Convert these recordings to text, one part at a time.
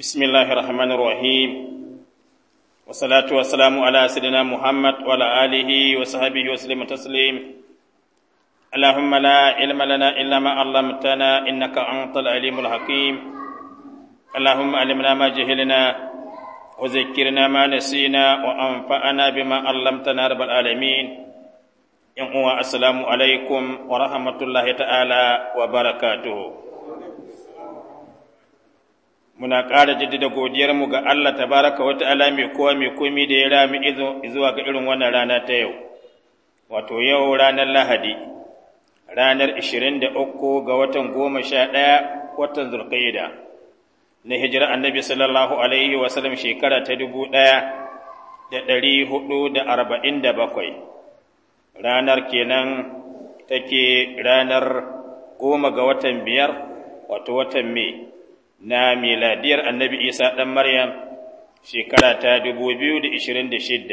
بسم الله الرحمن الرحيم والصلاة والسلام على سيدنا محمد وعلى آله وصحبه وسلم تسليم اللهم لا علم لنا إلا ما علمتنا إنك أنت العليم الحكيم اللهم علمنا ما جهلنا وذكرنا ما نسينا وأنفعنا بما علمتنا رب العالمين يوم السلام عليكم ورحمة الله تعالى وبركاته muna ƙara jaddada godiyarmu ga Allah tabaraka wa ta'ala mai kowa mai komi da ya rami zuwa ga irin wannan rana ta yau wato yau ranar Lahadi ranar 23 ga watan 11 watan Zulqa'ida na hijira Annabi sallallahu alaihi wa sallam shekara ta 1447 ranar kenan take ranar goma ga watan biyar wato watan Mai na miladiyar annabi isa ɗan maryam shekara ta 2026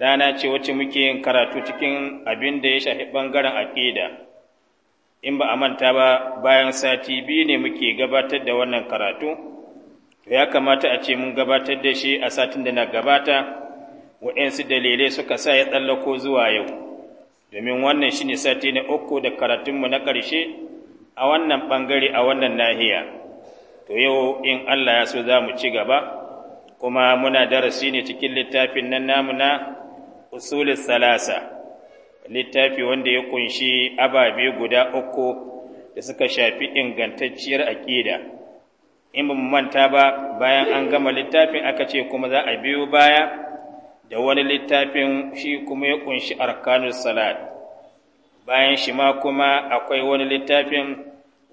rana ce wacce muke yin karatu cikin abin da ya shafi ɓangaren aƙida in ba a manta ba bayan sati biyu ne muke gabatar da wannan karatu to ya kamata a ce mun gabatar da shi a satin da na gabata waɗansu dalilai suka sa ya tsallako zuwa yau domin wannan shi ne sati na uku da karatunmu na ƙarshe a wannan ɓangare a wannan nahiya to yau in Allah ya so za mu ci gaba kuma muna darasi ne cikin littafin nan namu na usulis salasa littafi wanda ya kunshi ababe guda uku da suka shafi ingantacciyar aƙida in ba mu manta ba bayan an gama littafin aka ce kuma za a biyo baya da wani littafin shi kuma ya kunshi arkanus salat bayan shi ma kuma akwai wani littafin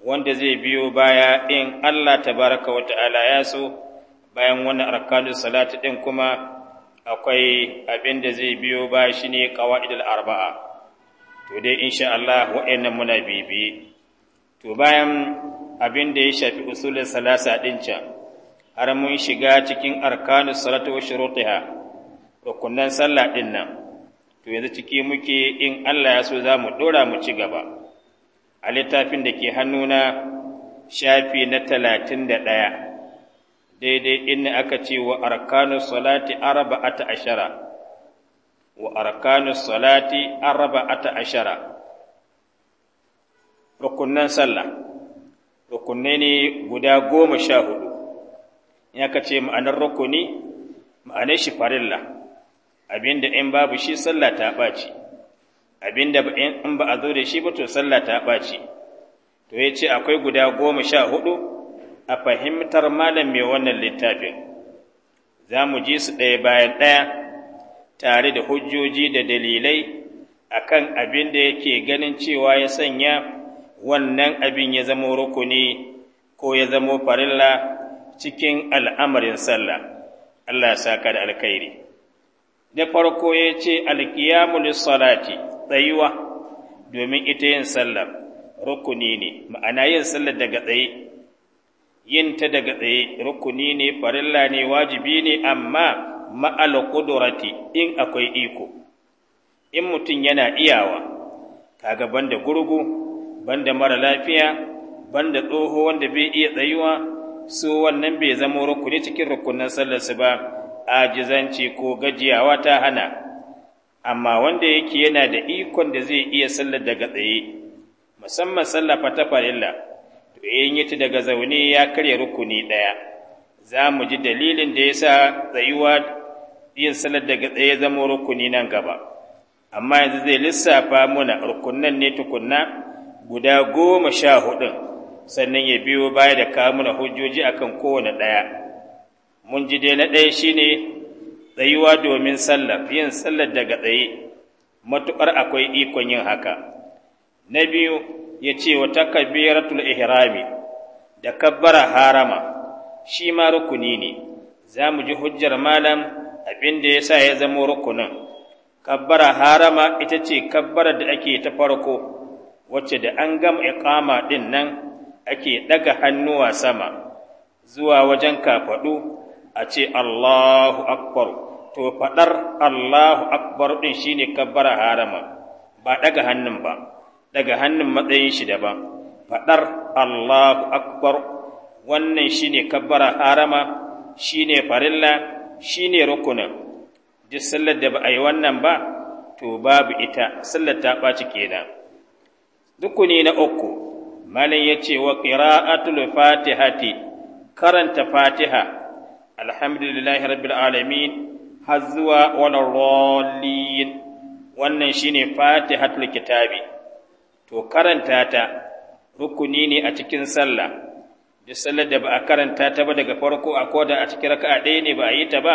wanda zai biyo baya in Allah tabaraka wa ta'ala ya so bayan wannan arkanu salati din kuma akwai abin da zai biyo baya shine qawaidul arba'a to dai insha Allah wa'annan muna bibi to bayan abin da ya shafi usulul salasa din can har mun shiga cikin arkanu salatu wa shurutiha rukunan sallah din nan to yanzu ciki muke in Allah ya so za mu dora mu ci gaba a littafin da ke hannuna shafi na talatin da ɗaya daidai inda aka ce wa arkanu salati arba'ata ashara wa arkanu salati ashara rukunnan sallah rukunne ne guda goma sha hudu in aka ce ma'anar rukuni ma'anar shi farilla abinda in babu shi sallah ta ɓaci abinda in ba a zo da shi ba to sallah ta ɓaci to ya ce akwai guda goma sha hudu a fahimtar malam mai wannan littafin za mu ji su ɗaya bayan ɗaya tare da hujjoji da dalilai a kan abin da yake ganin cewa ya sanya wannan abin ya zamo rukuni ko ya zamo farilla cikin al'amarin sallah Allah ya saka da alkhairi da farko ya ce alƙiyamun lissalati tsayuwa domin ita yin sallar rukuni ne ma'ana yin sallar daga tsaye yin ta daga tsaye rukuni ne farilla ne wajibi ne amma ma'al qudrati in akwai iko in mutum yana iyawa kaga banda gurgu banda mara lafiya banda tsoho wanda bai iya tsayuwa su wannan bai zama rukuni cikin rukunin sallarsu ba ajizanci ko gajiyawa ta hana amma wanda yake yana da ikon da zai iya sallar daga tsaye musamman sallah fatafarilla to in yace daga zaune ya karya rukuni ɗaya za mu ji dalilin da ya sa tsayuwa yin sallar daga tsaye zama rukuni nan gaba amma yanzu zai lissafa muna rukunan ne tukunna guda goma sha hudun sannan ya biyo baya da kawo muna hujjoji akan kowane ɗaya mun ji dai na ɗaya shine tsayuwa domin sallar yin sallar daga tsaye matuƙar akwai ikon yin haka na biyu ya ce wa takabiratul ihrami da kabbara harama shi ma rukuni ne za mu ji hujjar malam abin da ya sa ya zama rukunin kabbara harama ita ce kabbara da ake ta farko wacce da an gama ikama din nan ake daga hannuwa sama zuwa wajen kafaɗu a ce Allahu akbar to faɗar Allahu akbar ɗin shine kabbara harama ba daga hannun ba daga hannun matsayin shi da ba. faɗar Allahu akbar wannan shine kabbara harama shine farilla shine rukunin duk sallar da ba a yi wannan ba to babu ita sallar ta ɓaci kenan rukuni na uku malin ya ce wa qira'atul fatihati karanta fatiha alhamdulillahi rabbil alamin har zuwa wani wannan shine fatihatul kitabi to karanta ta rukuni ne a cikin sallah duk sallar da ba a karanta ta ba daga farko a koda a cikin raka'a ɗaya ne ba a yi ta ba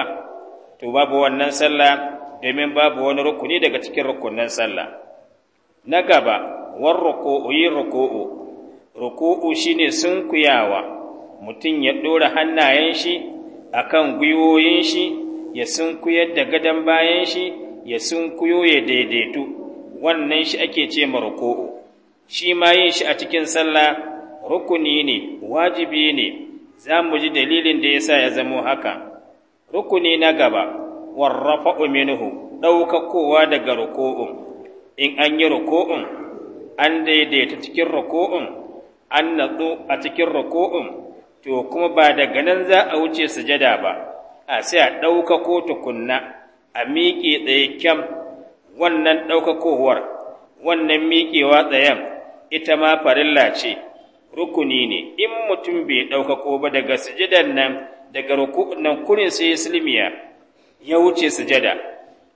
to babu wannan sallah domin babu wani rukuni daga cikin rukunin sallah na gaba war ruku'u yi ruku'u ruku'u shine sunkuyawa mutum ya ɗora hannayen shi akan gwiwoyin shi ya sunkuyar da gadon bayan shi ya sunkuyo ya daidaitu wannan shi ake ce ruku'u shi ma yin shi a cikin sallah rukuni ne wajibi ne za mu ji dalilin da ya sa ya zamo haka rukuni na gaba warrafa minhu ɗaukakowa daga ruku'un in an yi ruku'un an daidaita cikin ruku'un an natsu a cikin ruku'un to kuma ba daga nan za a wuce sujada ba a sai a ɗauka ko tukunna a miƙe tsaye kyam wannan ɗaukakowar wannan miƙewa tsayen ita ma farilla ce rukuni ne in mutum bai ɗaukako ba daga sujadan nan daga rukun nan kurin sai silmiya ya wuce sujada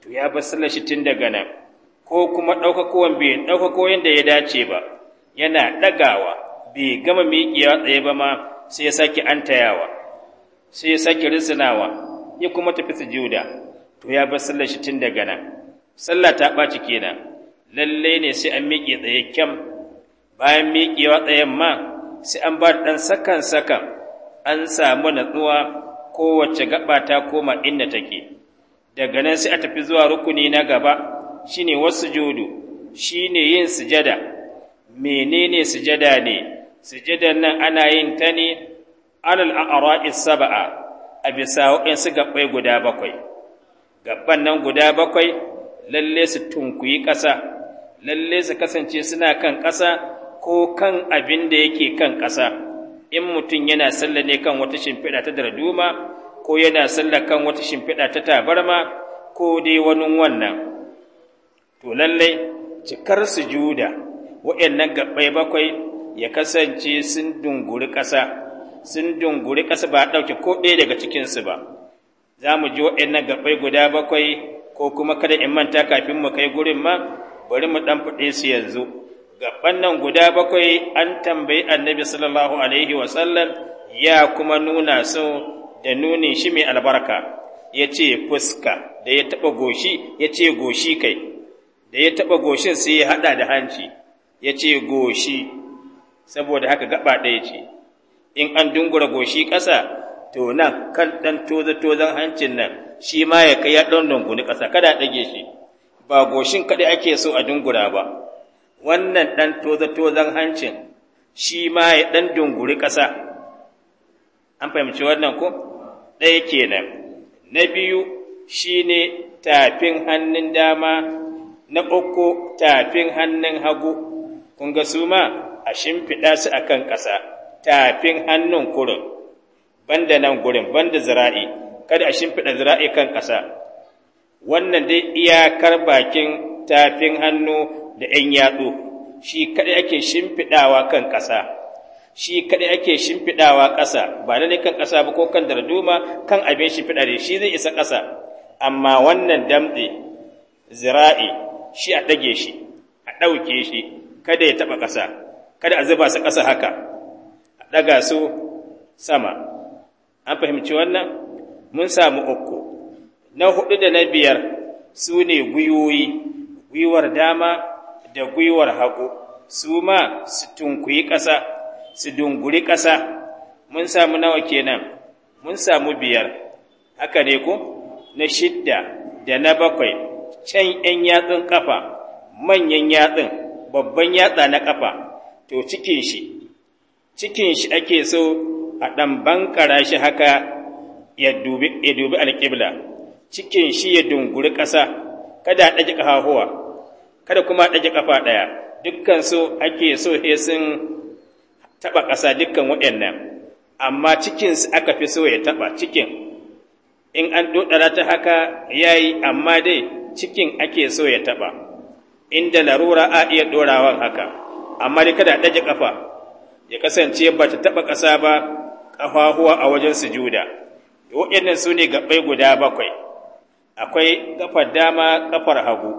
to ya bar sallar shi tun daga nan ko kuma ɗaukakowan bai ɗaukako yadda ya dace ba yana ɗagawa bai gama miƙewa tsaye ba ma sai ya sake antayawa sai ya sake risinawa ya kuma tafi sujuda to ya bar sallar shi tun daga nan sallah ta baci kenan lalle ne sai an miƙe tsaye kyam bayan miƙewa tsayen ma sai an ba ɗan sakan sakan an samu natsuwa kowace gaba ta koma inda take daga nan sai a tafi zuwa rukuni na gaba shine wasu jodo shine yin sujada menene sujada ne sujadan nan ana yin ta ne alal ara'i saba'a. a bisa waɗansu gaɓɓai guda bakwai gaɓɓan nan guda bakwai lalle su tunkuyi ƙasa lalle su kasance suna kan ƙasa ko kan abin da yake kan ƙasa in mutum yana salla ne kan wata shimfiɗa ta darduma ko yana salla kan wata shimfiɗa ta tabarma ko dai wani wannan to lallai cikar sujuda waɗannan gaɓɓai bakwai ya kasance sun dunguri ƙasa sun dunguri ƙasa ba a ɗauke ko ɗaya daga cikinsu ba za mu ji waɗannan gaɓai guda bakwai ko kuma kada in manta kafin mu kai gurin ma bari mu ɗan fuɗe su yanzu gaɓan nan guda bakwai an tambayi annabi sallallahu alaihi wasallam ya kuma nuna su da nunin shi mai albarka ya ce fuska da ya taɓa goshi ya ce goshi kai da ya taɓa goshin sai ya haɗa da hanci ya ce goshi saboda haka gaba ɗaya ce in an dungura goshi ƙasa to nan kan ɗan toza-tozan hancin nan shi ma ya kai ya ɗan dunguni ƙasa kada a ɗage shi ba goshin kaɗai ake so a dungura ba wannan ɗan toza-tozan hancin shi ma ya ɗan dunguri ƙasa an fahimci wannan ko ɗaya kenan na biyu shi ne tafin hannun dama na uku tafin hannun hagu kun ga su ma a shimfiɗa su a kan ƙasa tafin hannun kurin banda nan gurin banda zira'i kada a shimfiɗa zira'i kan ƙasa wannan dai iyakar bakin tafin hannu da ‘yan yatsu shi kaɗai ake shimfiɗawa kan ƙasa shi kaɗai ake shimfiɗawa ƙasa ba na kan ƙasa ba ko kan darduma kan abin shimfiɗa ne shi zai isa ƙasa amma wannan damɗe zira'i shi a ɗage shi a ɗauke shi kada ya taɓa ƙasa kada a zuba su ƙasa haka a ɗaga su sama an fahimci wannan mun samu uku na hudu da na biyar su ne gwiwoyi gwiwar dama da gwiwar hagu su ma su tunkuyi ƙasa su dunguri ƙasa mun samu nawa kenan mun samu biyar haka ne ku na shidda da na bakwai can ‘yan yatsun ƙafa manyan yatsun babban yatsa na ƙafa to cikin shi cikin shi ake so a ɗan bankara shi haka ya dubi alƙibla cikin shi ya dunguri ƙasa kada a ƙahahuwa kada kuma a kafa ƙafa ɗaya dukkan so ake so he sun taɓa ƙasa dukkan waɗannan amma cikinsu aka fi so ya taɓa cikin in an ɗoɗara ta haka ya yi amma dai cikin ake so ya taɓa inda larura a iya ɗorawan haka amma dai kada ɗage ƙafa ya kasance ba ta taɓa ƙasa ba ƙafahuwa a wajen sujuda waɗannan su ne gaɓai guda bakwai akwai ƙafar dama ƙafar hagu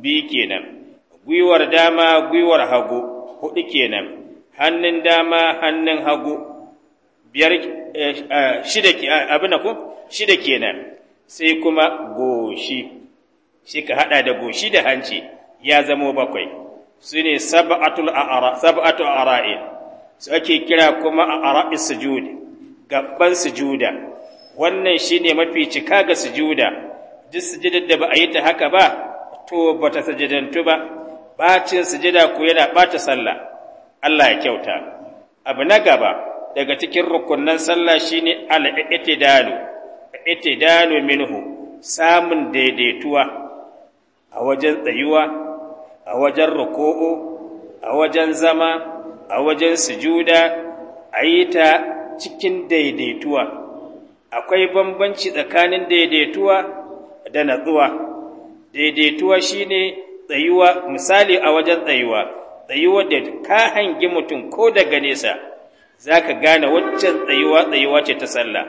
biyu kenan gwiwar dama gwiwar hagu huɗu kenan hannun dama hannun hagu biyar eh, eh, shida eh, abin ko shida kenan sai kuma goshi shi ka haɗa da goshi da hanci ya zamo bakwai su ne sab'atul sab'atu ara'in su ake kira kuma a ara'i sujudi gaban sujuda wannan shine mafi cika ga sujuda duk sujudar da ba a yi ta haka ba to bata sujudantu ba bacin sujada ko yana bata sallah Allah ya kyauta abu na gaba daga cikin rukunan sallah shine al-i'tidalu i'tidalu minhu samun daidaituwa a wajen tsayuwa a wajen ruku'u a wajen zama a wajen sujuda a yi ta cikin daidaituwa akwai bambanci tsakanin daidaituwa da natsuwa daidaituwa shine tsayuwa misali a wajen tsayuwa tsayuwa da ka hangi mutum ko daga nesa za ka gane waccan tsayuwa tsayuwa ce ta sallah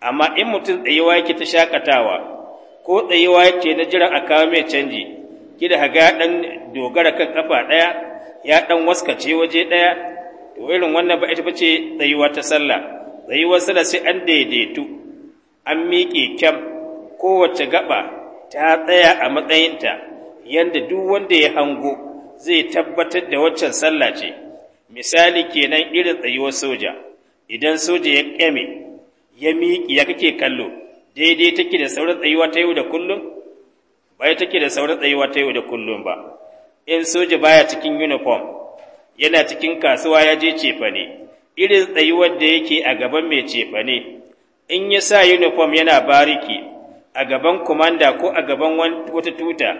amma in mutum tsayuwa yake ta shakatawa ko tsayuwa yake na jiran a mai canji da haga dan dogara kan kafa daya ya dan waskace waje daya to irin wannan ba ita bace tsayuwa ta sallah tsayuwar sallah sai an daidaitu an miƙe kyam kowace gaba ta tsaya a matsayinta yanda duk wanda ya hango zai tabbatar da waccan sallah ce misali kenan irin tsayuwar soja idan soja ya kame ya miƙe ya kake kallo daidai take da sauran tsayuwa ta yau da kullum bai take da sauran tsayuwa ta yau da kullum ba in soja baya cikin uniform yana cikin kasuwa ya je cefane irin tsayuwar da yake a gaban mai cefane in ya sa uniform yana bariki a gaban commander ko a gaban wata tuta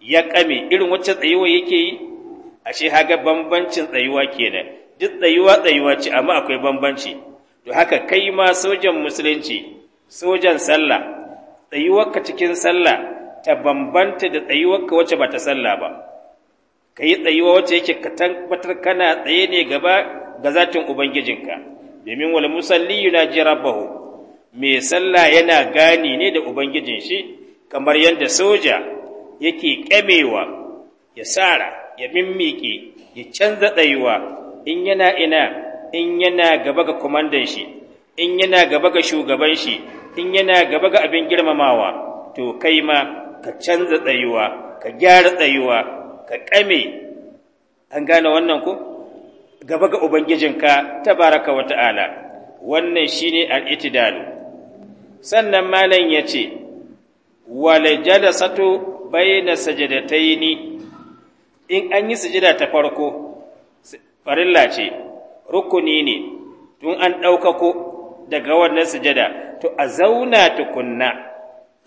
ya kame irin wacce tsayuwa yake yi ashe haga bambancin tsayuwa kenan duk tsayuwa tsayuwa ce amma akwai bambanci to haka kai ma sojan musulunci sojan sallah Tsayuwar ka cikin sallah ta bambanta da tsayuwarka wacce ba ta sallah ba ka yi tsayuwa wacce yake ka tabbatar kana tsaye ne gaba ga zatin ubangijinka domin wal musalli jira baho mai sallah yana gani ne da ubangijin shi kamar yadda soja yake ƙyamewa ya sara ya mimmike ya canza tsayuwa in yana ina in yana gaba ga kwamandan shi in yana gaba ga shugaban shi in yana gaba ga abin girmamawa to kai ma ka canza tsayuwa ka gyara tsayuwa ka ƙame an gane wannan ku? gaba ga ubangijinka tabaraka wa ta'ala wannan shine ne itidalu sannan malam yace wal jalasatu yi ni. in an yi sujada ta farko farilla ce rukuni ne tun an ɗaukako daga wannan sujada to a zauna tukunna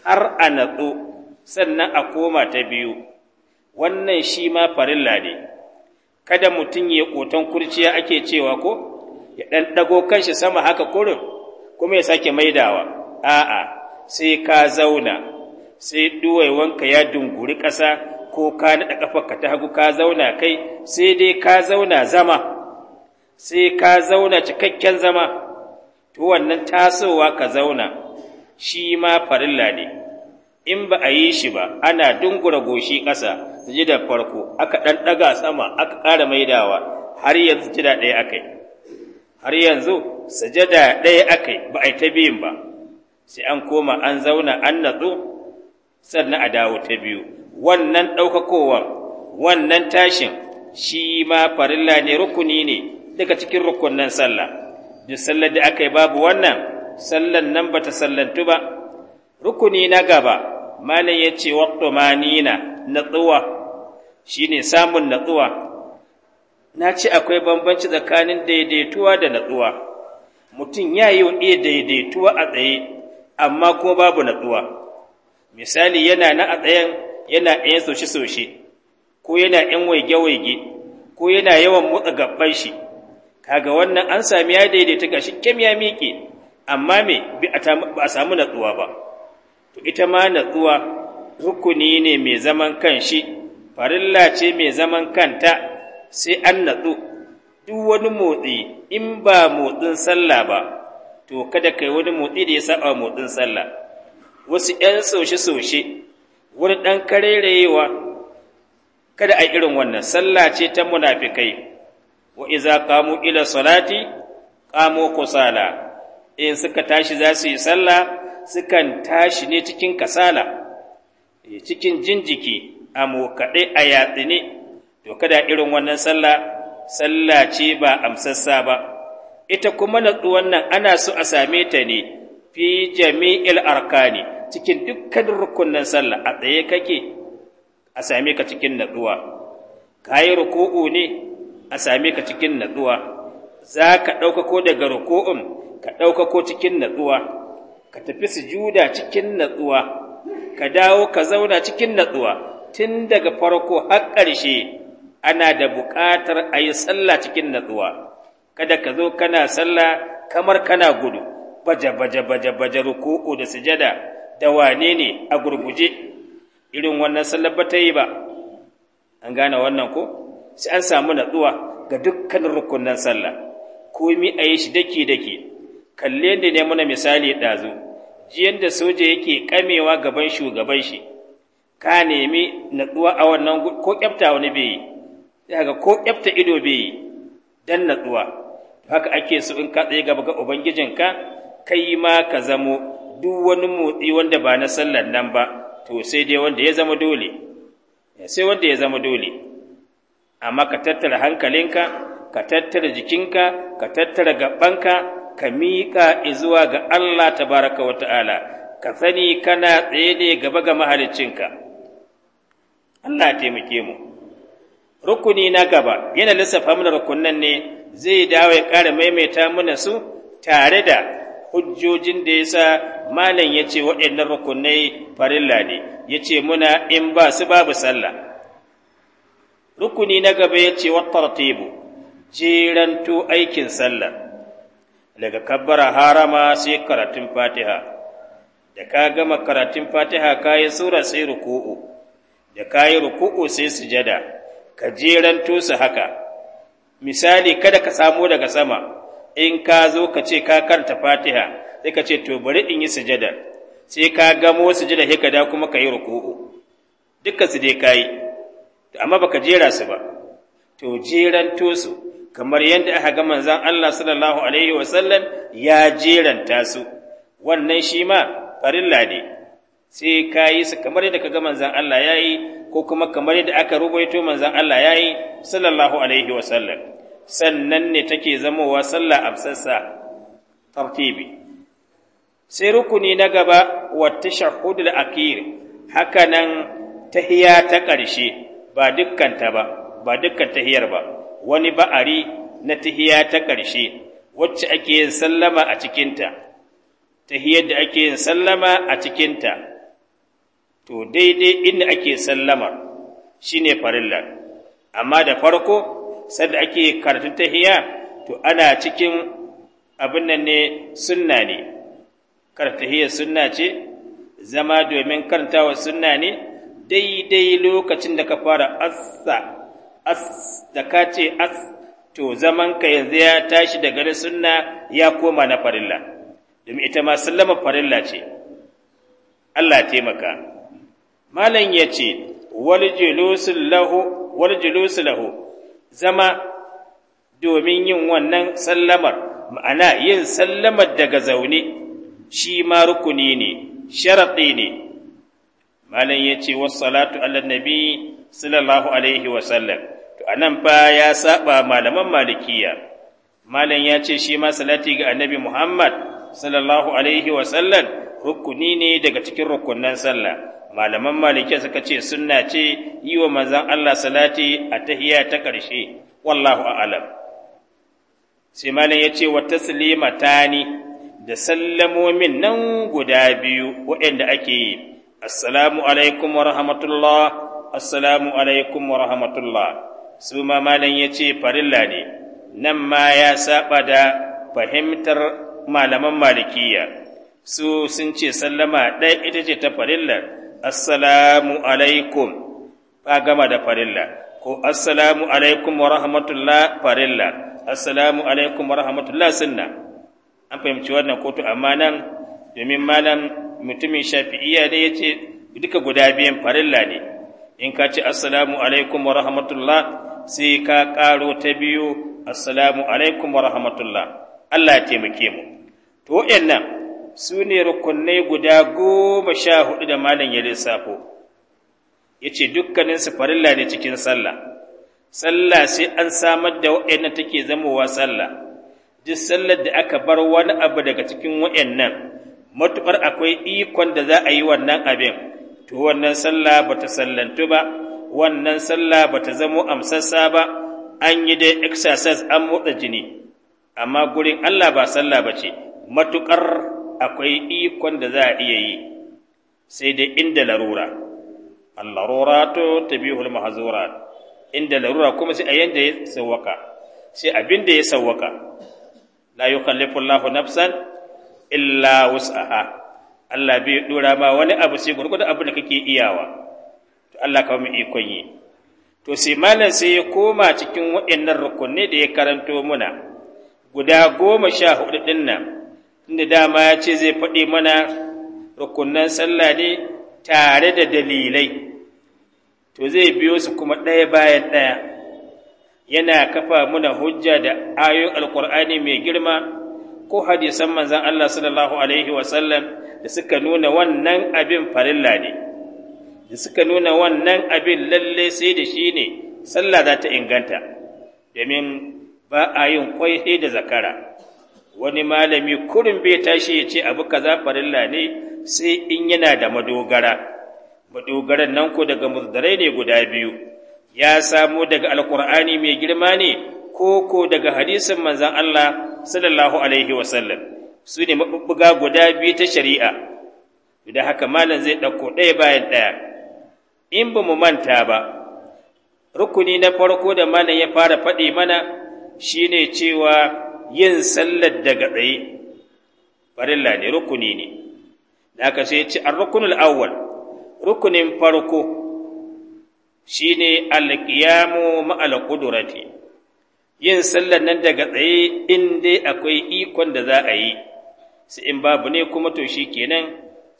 har a natsu sannan a koma ta biyu wannan shi ma farilla ne kada mutum ya ƙoton kurciya ake cewa ko ya ɗan ɗago kanshi sama haka kurin kuma ya sake maidawa a'a sai ka zauna sai duwaiwanka ya dunguri ƙasa ko ka naɗa ƙafarka ta hagu ka zauna kai sai dai ka zauna zama sai ka zauna cikakken zama to wannan tasowa ka zauna shi ma farilla ne in ba a yi shi ba ana dungura goshi ƙasa da farko aka ɗan ɗaga sama aka ƙara maidawa har yanzu sujada ɗaya akai har yanzu sujada ɗaya akai ba a yi ta biyun ba sai an koma an zauna an natsu sannan a dawo ta biyu wannan ɗaukakowar wannan tashin shi ma farilla ne rukuni ne daga cikin rukunin sallah duk sallar da aka yi babu wannan sallan nan ba ta sallantu ba rukuni na gaba malam ya ce waktu manina natsuwa shine samun natsuwa na ce akwai bambanci tsakanin daidaituwa da natsuwa mutum ya yi iya daidaituwa a tsaye amma ko babu natsuwa misali yana na a tsayen yana ɗaya soshe-soshe ko yana ɗan waige-waige ko yana yawan motsa gaban shi kaga wannan an sami ya daidaita ga kyam ya miƙe amma me ba a samu natsuwa ba to ita ma natsuwa rukuni ne mai zaman kanshi farilla ce mai zaman kanta sai an natsu duk wani motsi in ba motsin sallah ba to kada kai wani motsi da ya saba motsin sallah wasu ‘yan soshe-soshe wani ɗan karerayewa kada a irin wannan sallah ce ta munafikai wa iza kamu ila salati kamo kusala in suka tashi za su yi sallah sukan tashi ne cikin kasala eh, cikin jinjiki a mokaɗe a yatsine to kada irin wannan sallah sallah ce ba amsassa ba ita kuma natsuwan nan ana so a same ta ne fi jami'il arkani cikin dukkan rukunin sallah a tsaye kake a same ka cikin natsuwa yi ruku'u ne a same ka cikin natsuwa za ka ɗaukako daga ruku'un ka ɗaukako cikin natsuwa ka tafi sujuda cikin natsuwa ka dawo ka zauna cikin natsuwa tun daga farko har ƙarshe ana da buƙatar a yi sallah cikin natsuwa kada ka zo kana sallah kamar kana gudu baje baje baje baje ruku'u da sujada da wane ne a gurguje irin wannan sallar ba ta yi ba an gane wannan ko sai an samu natsuwa ga dukkan rukunan sallah komi a yi shi dake dake kalle da ne mana misali ɗazu Jiyan da soja yake kamewa gaban shugaban shi ka nemi natsuwa a wannan ko kyafta wani bai yi ga ko kyafta ido bai yi dan natsuwa haka ake so in ka tsaye gaba ga ka kai ma ka zamo duk wani motsi wanda ba na sallar nan ba to sai dai wanda ya zama dole sai wanda ya zama dole amma ka tattara hankalinka ka tattara jikinka ka tattara gabanka ka miƙa izuwa ga Allah tabaraka wa ta'ala, ka sani kana tsaye ne gaba ga mahaliccinka. Allah taimake mu. Rukuni na gaba, yana lissafa mana rukunan ne zai dawo ya ƙara maimaita mana su tare da hujjojin da ya sa malam ya ce waɗannan rukunai farilla ne, ya ce muna in ba su babu sallah. Rukuni na gaba ya ce wa jeranto aikin sallah. daga kabbara harama sai karatun fatiha da ka gama karatun fatiha ka yi sura sai ruku'u da ka yi ruku'u sai sujada ka jeran su haka misali kada ka samo daga sama in ka zo ka ce ka karanta fatiha sai ka ce to bari in yi sujada sai ka gamo sujada sai ka da kuma ka yi ruku'u dukkan su dai ka yi amma baka jera su ba to jeran su kamar yadda aka ga manzon Allah sallallahu alaihi wasallam ya jeranta su wannan shi ma farilla ne sai ka yi su kamar yadda ka ga manzon Allah ya yi ko kuma kamar yadda aka rubaito manzon Allah ya yi sallallahu alaihi wasallam sannan ne take zamowa sallah absassa tartibi sai rukuni na gaba wa tashahhudul akhir nan tahiya ta ƙarshe ba dukkan ba ba dukkan tahiyar ba wani ba'ari na tahiya ta ƙarshe wacce ake yin sallama a cikinta tahiyar da ake yin sallama a cikinta to daidai inda ake sallamar shine farilla amma da farko sanda ake karatun tahiya to ana cikin abin nan ne sunna ne karatun sunna ce zama domin karantawa sunna ne daidai lokacin da ka fara assa as da ka ce as to zaman ka yanzu ya tashi daga na sunna ya koma na farilla domin ita ma sallama farilla ce Allah taimaka malam ya ce wal julusu lahu wal julusu lahu zama domin yin wannan sallamar ma'ana yin sallamar daga zaune shi ma rukuni ne sharaɗi ne malam ya ce wassalatu ala nabi sallallahu alaihi wasallam to anan fa ya saba malaman malikiya malam ya ce shi ma salati ga annabi muhammad sallallahu alaihi wasallam rukuni ne daga cikin rukunan sallah malaman malikiya suka ce sunna ce yi wa manzan Allah salati a tahiya ta ƙarshe wallahu a'lam sai malam ya ce wa ni da sallamomin nan guda biyu waɗanda ake yi assalamu alaikum wa rahmatullah assalamu alaikum wa rahmatullah su ma malam ya ce farilla ne nan ma ya saba da fahimtar malaman malikiya su sun ce sallama ɗaya ita ce ta farilla assalamu alaikum ba gama da farilla ko assalamu alaikum wa rahmatullah farilla assalamu alaikum wa rahmatullah sunna an fahimci wannan kotu amma nan domin malam mutumin shafi'iyya ne ya ce duka guda biyan farilla ne in ka ce assalamu alaikum wa rahmatullah sai ka karo ta biyo, assalamu alaikum wa rahmatullah Allah ya taimake mu to waɗannan su ne rukunai guda goma sha hudu da malam ya lissafo ya ce dukkaninsu farilla ne cikin sallah sallah sai an samar da waɗannan take zamowa sallah duk sallar da aka bar wani abu daga cikin waɗannan matuƙar akwai ikon da za a yi wannan abin to wannan sallah ba ta sallantu ba wannan sallah ba ta zamo amsassa ba an yi dai exercise an motsa jini amma gurin Allah ba sallah ba ce matuƙar akwai ikon da za a iya yi sai dai inda larura allarura to tabihul mahzurat inda larura kuma sai a yanda ya sawwaka sai abin da ya sawwaka la yukallifu Allahu nafsan illa wus'aha Allah bai dora ma wani abu sai gurgurda abin da kake iyawa to Allah ka mu ikon yi to sai malam sai ya koma cikin waɗannan rukunni da ya karanto muna guda goma sha hudu nan inda dama ya ce zai faɗi mana rukunan sallah ne tare da dalilai to zai biyo su kuma ɗaya bayan ɗaya yana kafa muna hujja da ayoyin alkur'ani mai girma ko hadisan manzan Allah sallallahu alaihi wasallam da suka nuna wannan abin farilla ne da suka nuna wannan abin lalle sai da shi ne sallah za ta inganta domin ba a yin kwai sai da zakara wani malami kurin bai tashi ya ce abu kaza farilla ne sai in yana da madogara madogaran nan ko daga muzdarai ne guda biyu ya samo daga alkur'ani mai girma ne ko ko daga hadisin manzan Allah sallallahu alaihi wasallam su ne maɓuɓɓuga guda biyu ta shari'a da haka malam zai ɗauko ɗaya bayan ɗaya in ba mu manta ba rukuni na farko da malam ya fara faɗi mana shine cewa yin sallar daga tsaye farilla ne rukuni ne da aka sai ci an rukunul awwal rukunin farko shine alƙiyamu ma'al ƙudurati yin sallar nan daga tsaye in dai akwai ikon da za a yi sai in babu ne kuma to shi kenan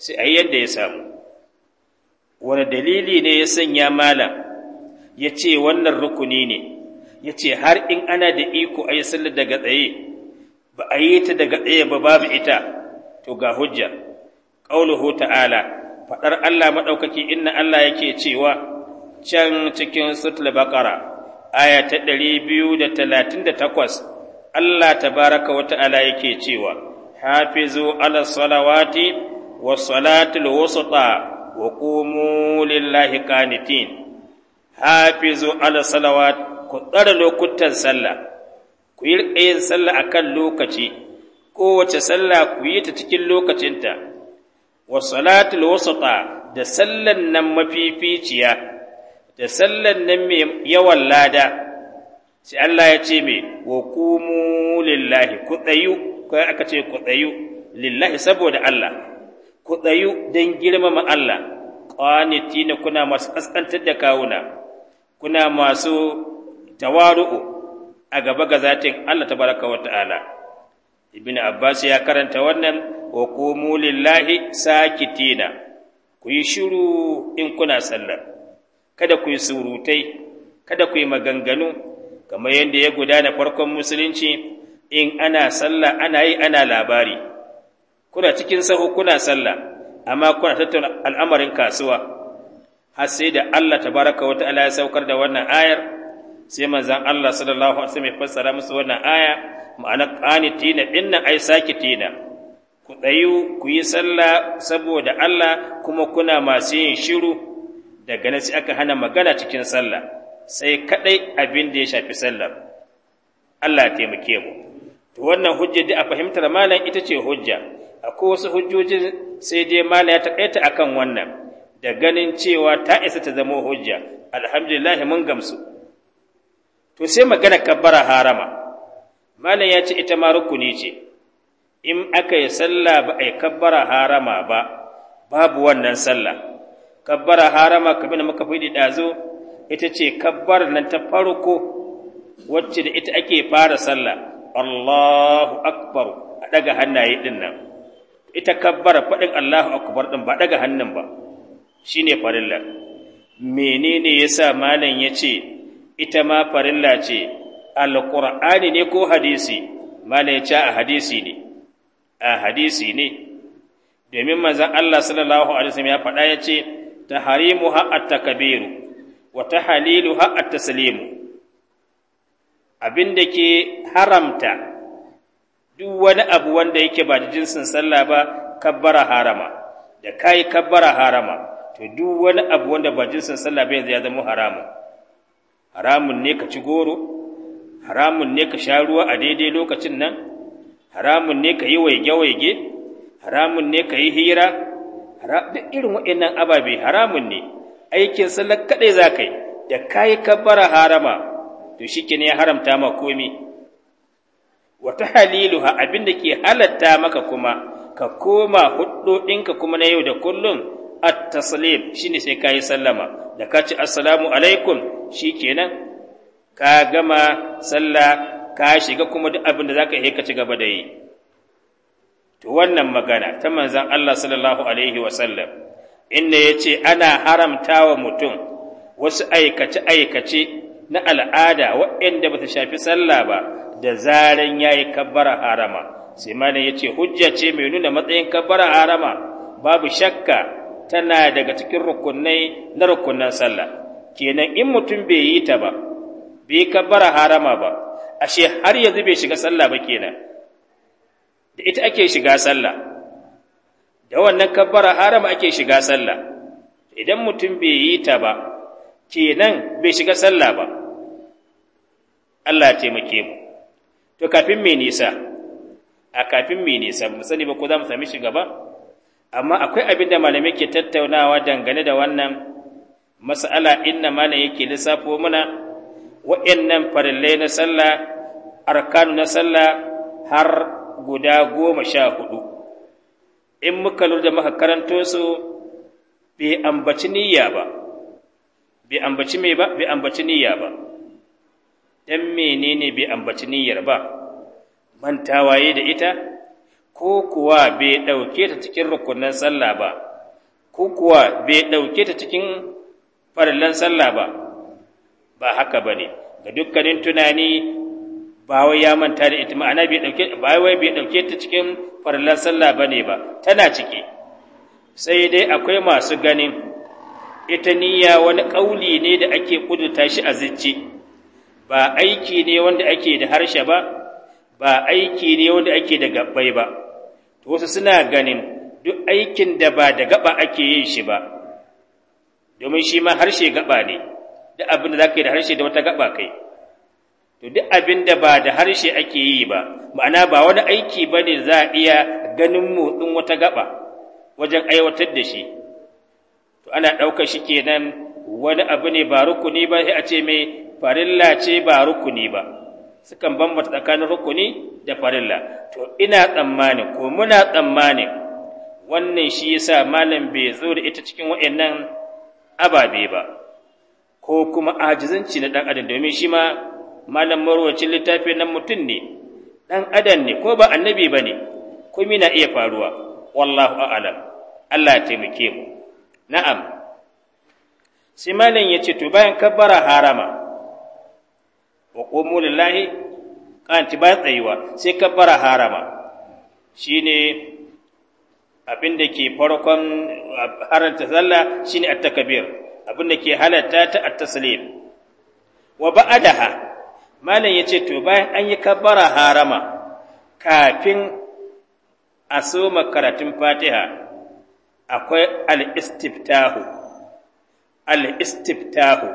sai a yi yadda ya samu wani dalili ne ya sanya malam ya ce wannan rukuni ne ya ce har in ana da iko a yi sallar daga tsaye ba a yi ta daga tsaye ba babu ita to ga hujja ƙaunuhu ta'ala faɗar Allah maɗaukaki inna Allah yake cewa can cikin sutul baƙara aya ta ɗari biyu da talatin da takwas Allah Ta baraka wata ala yake cewa hafizu ala salawati wa salatul wusta wa qumu lillahi qanitin hafizu ala salawat ku tsara lokutan sallah ku yi yin sallah akan lokaci kowace sallah ku yi ta cikin lokacinta wa salatul wusta da sallan nan mafificiya da sallan nan mai yawan lada sai Allah ya ce mai wa mu, lillahi ku tsayu ko aka ce ku tsayu lillahi saboda Allah ku tsayu don girmama Allah na kuna masu kaskantar da kawuna kuna masu tawaru'u a gaba ga zatin Allah Ta Baraka wa ta'ala ibn abbas ya karanta wannan wa mu, lillahi sakitina ku yi shiru in kuna sallar kada ku yi surutai kada ku yi maganganu kamar yadda ya gudana farkon musulunci in ana sallah ana yi ana labari kuna cikin sahu kuna sallah amma kuna tattauna al'amarin kasuwa har sai da Allah tabaraka wa ta'ala ya saukar da wannan ayar sai manzon Allah sallallahu alaihi wasallam ya fassara musu wannan aya ma'ana qanitina dinnan ai sakitina ku tsayu ku yi sallah saboda Allah kuma kuna masu yin shiru daga nan sai aka hana magana cikin sallah sai kadai abin da ya shafi sallar Allah ya taimake mu to wannan hujja da a fahimtar malam ita ce hujja akwai wasu hujjoji sai dai malam ya takaita akan wannan da ganin cewa ta isa ta zama hujja alhamdulillah mun gamsu to sai magana kabbara harama malam ya ce ita ma rukuni ce in aka yi sallah ba a yi kabbara harama ba babu wannan sallah kabbara harama kamar da muka faɗi ɗazu ita ce kabbar nan ta farko wacce da ita ake fara sallah Allahu akbar a daga hannaye din nan ita kabbar faɗin Allahu akbar din ba daga hannun ba shine farilla menene yasa malam yace ita ma farilla ce alqur'ani ne ko hadisi malam yace a hadisi ne a hadisi ne domin manzon Allah sallallahu alaihi wasallam ya faɗa yace ce taharimuha at Kabiru, wata Halilu at-taslimu abin da ke haramta duk wani abu wanda yake ba da jinsin sallah ba kabbara harama da kai kabbara harama to duk wani abu wanda ba jinsin sallah ba yanzu ya zama haramun haramun ne ka ci goro haramun ne ka sha ruwa a daidai lokacin nan haramun ne ka yi waige-waige haramun ne ka yi hira duk irin waɗannan ababe haramun ne aikin sallar kaɗai za ka yi da ka yi kabbara harama to shi ne ya haramta ma komi wata haliluha abin da ke halatta maka kuma ka koma ɗinka kuma na yau da kullum at-taslim shine sai kai sallama da ka ce assalamu alaikum kenan. ka gama sallah ka shiga kuma duk abin da zaka yi ka ci gaba da yi to wannan magana ta manzon Allah sallallahu alaihi wasallam inda yace ana haramta wa mutum wasu aikace aikace na al'ada waɗanda ba su shafi sallah ba da zaran yayi kabbara harama sai ya yace hujja ce mai nuna matsayin kabbara harama babu shakka tana daga cikin rukunai na rukunan sallah kenan in mutum bai yi ta ba bai kabbara harama ba ashe har yanzu bai shiga sallah ba kenan da ita ake shiga sallah da wannan kabbara haram ake shiga sallah idan mutum bai yi ta ba kenan bai shiga sallah ba Allah ya taimake mu to kafin mai nisa a kafin mai nisa mu sani ba ko za mu sami shiga ba? amma akwai abin da malamai ke tattaunawa dangane da wannan mas'ala inna malam yake lissafo mana wa'annan farillai na sallah arkanu na sallah har guda goma sha hudu in muka lura da muka karanto su bai ambaci niyya ba bai ambaci me ba bai ambaci niyya ba dan menene bai ambaci niyyar ba mantawaye da ita ko kuwa bai ɗauke ta cikin rukunin sallah ba ko kuwa bai ɗauke ta cikin farlan sallah ba ba haka bane. ne ga dukkanin tunani ba wai ya manta da ita ma'ana bai dauke ba wai bai dauke ta cikin farlan sallah bane ba tana cike sai dai akwai masu ganin ita niyya wani kauli ne da ake kudurta shi a zicci ba aiki ne wanda ake da harshe ba ba aiki ne wanda ake da gabbai ba to wasu suna ganin duk aikin da ba da gaba ake yin shi ba domin shi ma harshe gaba ne duk abin da zaka yi da harshe da wata gaba kai to duk abin da ba da harshe ake yi ba ma'ana ba wani aiki ba ne za a iya ganin motsin wata gaba wajen aiwatar da shi to ana ɗaukar shi kenan wani abu ne ba rukuni ba sai a ce mai farilla ce ba rukuni ba sukan bambata tsakanin rukuni da farilla to ina tsammanin ko muna tsammanin wannan shi yasa malam bai zo da ita cikin waɗannan ababe ba ko kuma ajizanci na ɗan adam domin shi ma malam marwacin littafin nan mutum ne ɗan adam ne ko ba annabi ba ne kuma na iya faruwa wallahu a'lam Allah ya taimake mu na'am sai malam ya ce to bayan kabbara harama wa qumu lillahi kanti ba tsayuwa sai kabbara harama shine abin da ke farkon haranta sallah shine at-takbir abin da ke halatta ta at-taslim wa ba'adaha malam ya ce to bayan an yi kabbara harama kafin a soma karatun fatiha akwai al'istiftahu al'istiftahu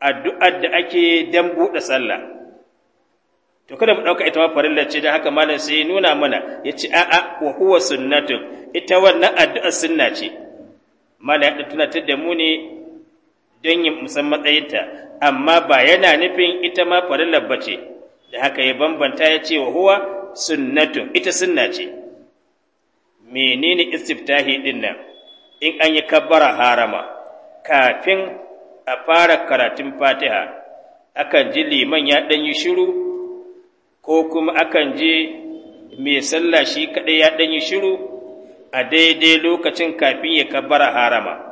addu'ar da ake don buɗe sallah to kada mu ɗauka ita ma farilla ce don haka malam sai ya nuna mana ya ce a'a wa huwa sunnatun ita wannan addu'ar sunna ce malam ya tunatar da mu ne don yin musan matsayinta amma ba yana nufin ita ma farillar ba ce da haka ya bambanta ya ce wa huwa sunnatun ita sunna ce menene istiftahi din nan in an yi kabbara harama kafin a fara karatun fatiha akan ji liman ya ɗan yi shiru ko kuma akan ji mai sallah shi kaɗai ya ɗan yi shiru a daidai lokacin kafin ya kabbara harama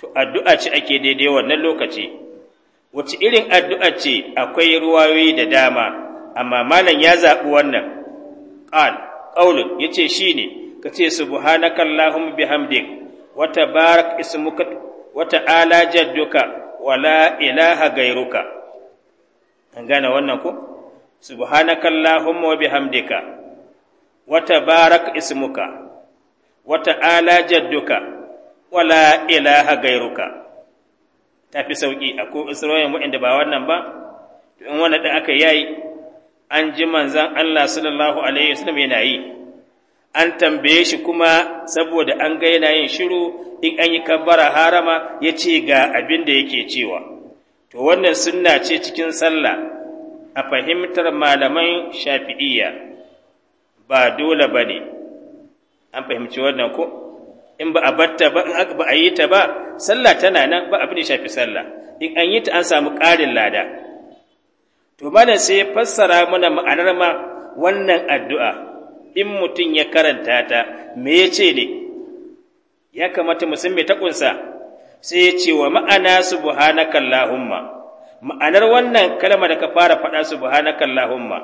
to addu'a ce ake daidai wannan lokaci wace irin addu'a ce akwai ruwayoyi da dama amma malam ya zaɓi wannan qal ne, yace shine kace subhanakallahumma bihamdik wa tabarak ismuka wa ta'ala jadduka wa la ilaha gairuka an gane wannan ko subhanakallahumma wa bihamdika wa tabarak ismuka wa ta'ala jadduka wala ilaha gairuka ta fi sauƙi a ko isra'o'in waɗanda ba wannan ba to in wannan ɗin aka yayi an ji manzan Allah sallallahu alaihi wasallam yana yi an tambaye shi kuma saboda an ga yana yin shiru in an yi kabbara harama ya ce ga abin da yake cewa to wannan sunna ce cikin sallah a fahimtar malaman shafi'iyya ba dole ba ne an fahimci wannan ko in ba a batta ba in ba a yi ta ba sallah tana nan ba abin da shafi sallah in an yi ta an samu ƙarin lada to malam sai ya fassara mana ma'anar ma wannan addu'a in mutum ya karanta ta me ya ce ne ya kamata mu san me ta kunsa sai ya ce wa ma'ana subhanaka allahumma ma'anar wannan kalma da ka fara faɗa subhanaka allahumma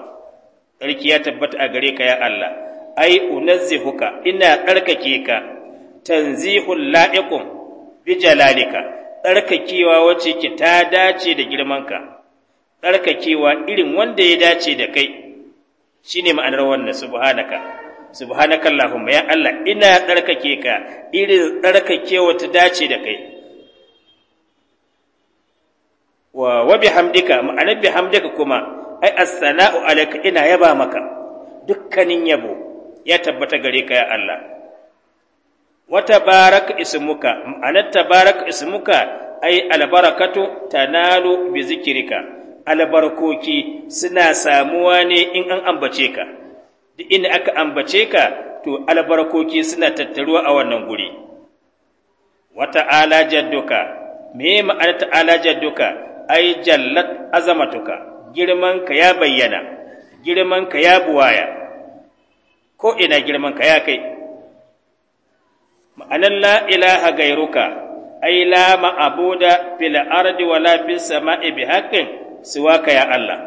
ya tabbata a gare ka ya Allah ai unazzihuka ina tsarkake ka tanzihul la'iqun bi jalalika tsarkakewa wacce ki ta dace da girmanka tsarkakewa irin wanda ya dace da kai shine ma'anar wannan subhanaka subhanaka allahumma ya allah ina tsarkake ka irin tsarkakewa ta dace da kai wa wa bihamdika ma'anar bihamdika kuma ai as-sana'u alayka ina yaba maka dukkanin yabo ya tabbata gare ka ya allah وتبارك اسمك ismuka ma'anar اسمك ismuka ai تنال بذكرك albarkoki suna samuwa ne in an ambace ka duk inda aka ambace ka to albarkoki suna tattaruwa a wannan guri Wata ta'ala jadduka me ma'anar ta'ala jadduka ai jallat azamatuka girman ka ya bayyana girman ka ya buwaya ko ina girman ka ya kai ma'anar la ilaha gairuka ai la ma'abuda fil ardi wala fis sama'i bi haqqin ka ya Allah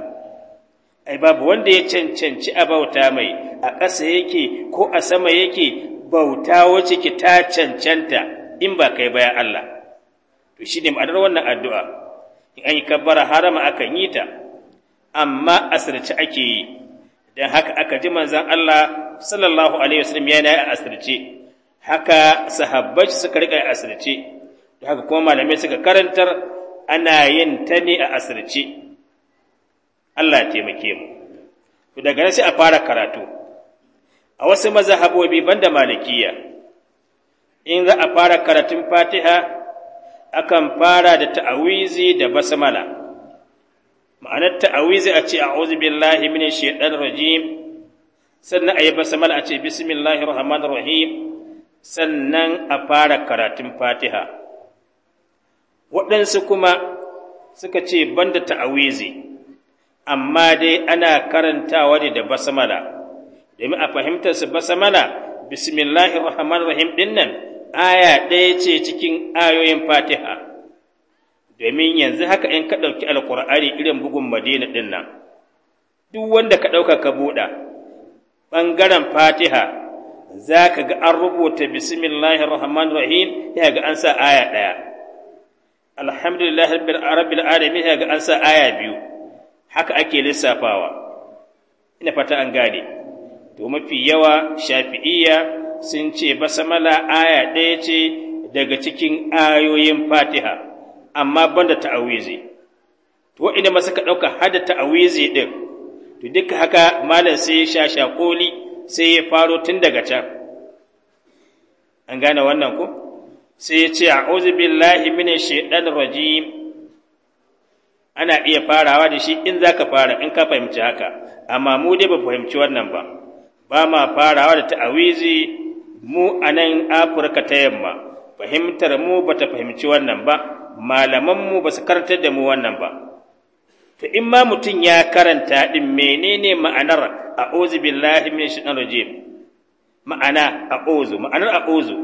ai babu wanda ya cancanci a bauta mai a ƙasa yake ko a sama yake bauta wacce ki ta cancanta in ba kai ba ya Allah to shi ne ma'anar wannan addu'a in an yi kabbara harama akan yi ta amma asirce ake yi don haka aka ji manzon Allah sallallahu alaihi wasallam yana a asirce haka sahabbai suka rika asirce haka kuma malamai suka karantar ana yin ta ne a asirce Allah ya taimake mu to daga nan sai a fara karatu a wasu mazhabobi banda malikiya in za a fara karatun Fatiha akan fara da ta'awizi da basmala ma'anar ta'awizi a ce a'udhu billahi minash shaitanir rajim sannan ayi basmala a ce bismillahir rahmanir rahim sannan a fara karatun fatiha waɗansu kuma suka ce banda ta'awizi amma dai ana karantawa ne da basamala domin a fahimtar su basmala bismillahir rahmanir rahim dinnan. nan aya ɗaya ce cikin ayoyin fatiha domin yanzu haka in ka ɗauki alkur'ani irin bugun madina ɗin nan duk wanda ka ɗauka ka buɗa ɓangaren fatiha za ka ga an rubuta bismillahi rahman rahim ya ga an sa aya ɗaya alhamdulillah rabbil alamin ya ga an sa aya biyu haka ake lissafawa ina fata an gane to mafi yawa shafi'iyya sun ce basamala aya ɗaya ce daga cikin ayoyin fatiha amma banda ta'awizi to ina ma suka ɗauka hada ta'awizi ɗin to duka haka malam sai shashakoli sai ya faro tun daga can an gane wannan ku? sai ya ce a billahi lahimin shaidan rajim ana iya farawa da shi in za ka fara in ka fahimci haka amma mu dai ba fahimci wannan ba ba ma farawa da ta'awizi mu a nan Afirka ta yamma fahimtar mu ba ta fahimci wannan ba malaman mu ba su karantar da mu wannan ba to in ma mutum ya karanta din menene ma'anar al-Ozu billahi minash shi rajim ma'ana ozu ma'anar al-Ozu.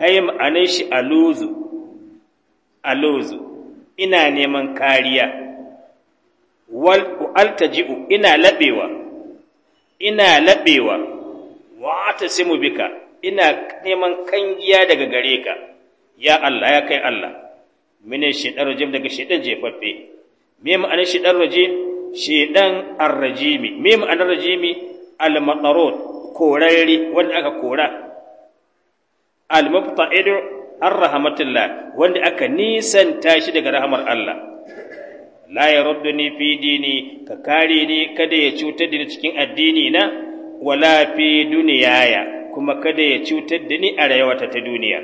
ai ma'anar shi a lozu ina neman kariya wal altaji'u ina labewa ina labewa wa simu bika ina neman kangiya daga gare ka ya Allah ya kai Allah mine shaitanir rajim daga shaitan jefaffe me ma'anar shaidan rajim arrajimi me ma'anar rajimi al-matarud korarri wanda aka kora al-mubta'id ar wanda aka nisanta shi daga rahamar Allah la yarudduni fi dini ka kare ni kada ya cutar da ni cikin addini na wala fi duniyaya kuma kada ya cutar da ni a rayuwata ta duniya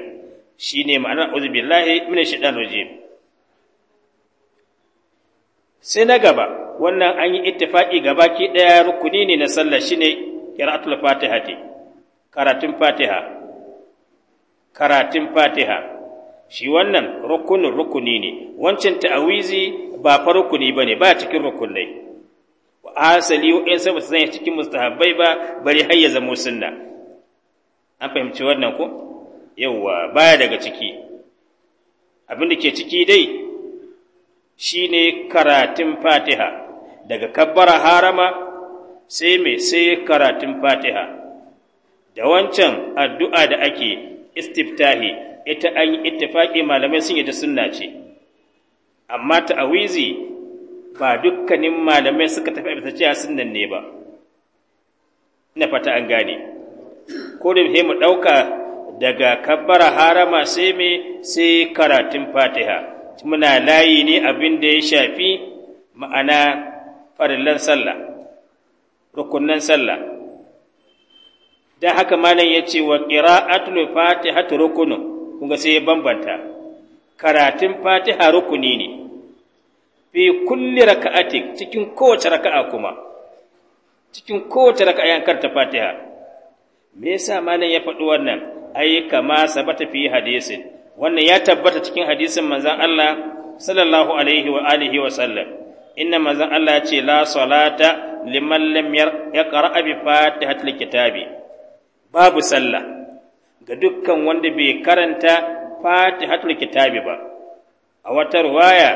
shine ma'anar uzbillahi min shidan rajim sai na gaba wannan an yi ittifaki gabaki ɗaya rukuni ne na sallah shine qira'atul fatiha te karatun fatiha karatun fatiha shi wannan rukunin rukuni ne wancan ta'awizi ba fa rukuni bane ba cikin rukunai wa asali in sai ba zai cikin mustahabbai ba bari har ya zama sunna an fahimci wannan ko yawwa baya daga ciki abin da ke ciki dai shine karatun fatiha daga kabbara harama sai mai sai karatun fatiha da wancan addu'a da ake istiftahi ita an yi ittifaƙi malamai sun yadda sunna ce amma ta'awizi ba dukkanin malamai suka tafi abin ce sunnan ne ba ina fata an gane ko da mu ɗauka daga kabbara harama sai mai sai karatun fatiha muna layi ne abin da ya shafi ma'ana farillan sallah rukunnan sallah dan haka malam ce wa qira'atul fatihatu rukunu kuma sai ya bambanta karatun fatiha rukuni ne fi kulli raka'ati cikin kowace raka'a kuma cikin kowace raka'a yan karta fatiha me yasa malam ya faɗi wannan ai kama sabata fi hadisin wannan ya tabbata cikin hadisin manzan Allah sallallahu alaihi wa alihi wa sallam inna manzan Allah ce la salata liman lam yaqra bi fatihatil kitabi babu sallah ga dukkan wanda bai karanta fatihatul kitabi ba a wata ruwaya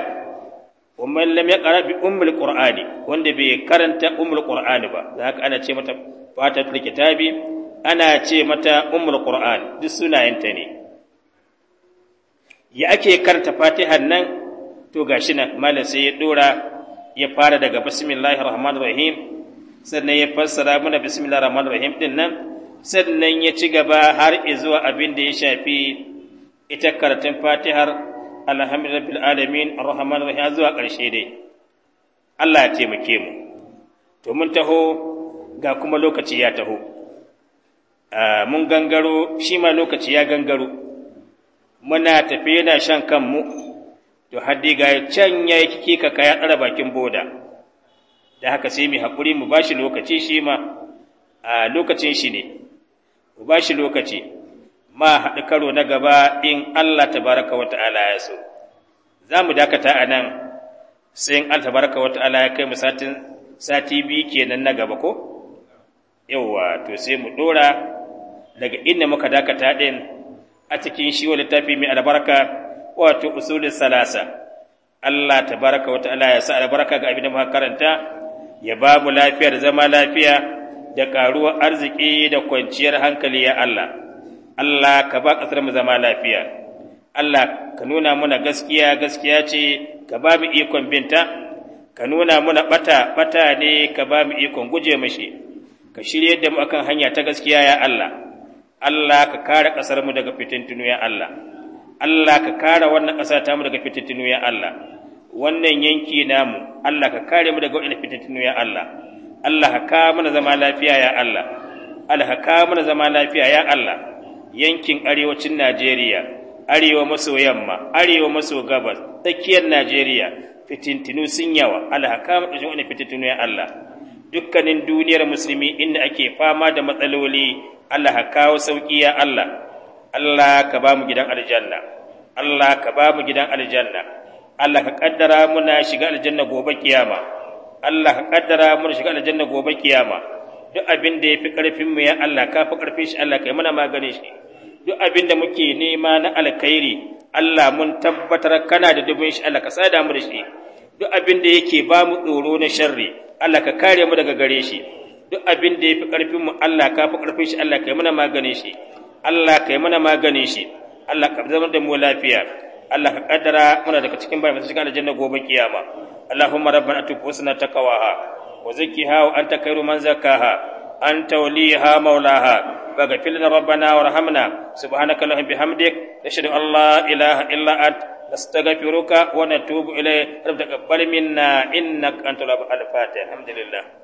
umman lam yaqra bi ummul qur'ani wanda bai karanta ummul qur'ani ba za ka ana ce mata fatihatul kitabi ana ce mata ummul qur'an duk sunayenta ne ya ake karanta fatihar nan to gashi nan malam sai ya ɗora ya fara daga bismillahir rahmanir rahim sannan ya fassara mana bismillahir rahmanir rahim din nan sannan ya ci gaba har zuwa abin da ya shafi ita karatun fatihar alhamdulillah alamin arrahman rahim zuwa ƙarshe dai Allah ya taimake mu to mun taho ga kuma lokaci ya taho ah, mun gangaro shi ma lokaci ya gangaro muna tafi yana shan kanmu to haddi ga can ya yi kika kaya tsara bakin boda da haka sai mu haƙuri mu ba shi lokaci shi ma a lokacin shi ne mu ba shi lokaci ma haɗu karo na gaba in Allah baraka wa ta'ala ya so za mu dakata a nan sai in Allah baraka wa ta'ala ya kai mu sati biyu kenan na gaba ko yawwa to sai mu ɗora daga inda muka dakata ɗin a cikin shi wa littafi mai albarka wato usulin salasa Allah Ta baraka wa ta'ala ya sa albarka ga abin da muka karanta ya ba mu lafiya zama lafiya da karuwar arziki da kwanciyar hankali ya Allah Allah ka ba kasar mu zama lafiya Allah ka nuna muna gaskiya gaskiya ce ka ba mu ikon binta ka nuna muna bata bata ne ka ba mu ikon guje mashi ka shirye da mu akan hanya ta gaskiya ya Allah Allah ka kare ƙasar mu daga fitintinu ya Allah Allah ka kare wannan ƙasa ta mu daga fitintinu ya Allah wannan yanki namu Allah ka kare mu daga wani fitintinu ya Allah Allah ka kawo mana zama lafiya ya Allah Allah ka kawo mana zama lafiya ya Allah yankin arewacin Najeriya arewa maso yamma arewa maso gabas tsakiyar Najeriya fitintinu sun yawa Allah ka kawo mana wani fitintinu ya Allah dukkanin duniyar musulmi inda ake fama da matsaloli Allah ka kawo sauƙi ya Allah Allah ka ba mu gidan aljanna Allah ka ba mu gidan aljanna Allah ka kaddara muna shiga aljanna gobe kiyama Allah ka kaddara muna shiga aljanna gobe kiyama duk abin da yafi karfin mu ya Allah ka fi karfin shi Allah kai mana maganin shi duk abin da muke nema na alkhairi Allah mun tabbatar kana da dubin shi Allah ka sada mu da shi duk abin da yake ba mu tsoro na sharri Allah ka kare mu daga gare shi duk abin da ya fi mu Allah ka fi ƙarfin shi Allah kai mana maganin shi Allah kai mana maganin shi Allah ka zama da mu lafiya Allah ka kaddara muna daga cikin bayan masu shiga aljanna gobe kiyama Allahumma rabbana atu husna taqwaha wa zakkiha wa anta khairu man zakkaha anta waliha مولاها فاغفر لنا rabbana warhamna subhanaka اللهم bihamdik ashhadu an la ilaha illa ant نستغفرك ونتوب إليه رب تقبل منا إنك أنت الأب الفاتح الحمد لله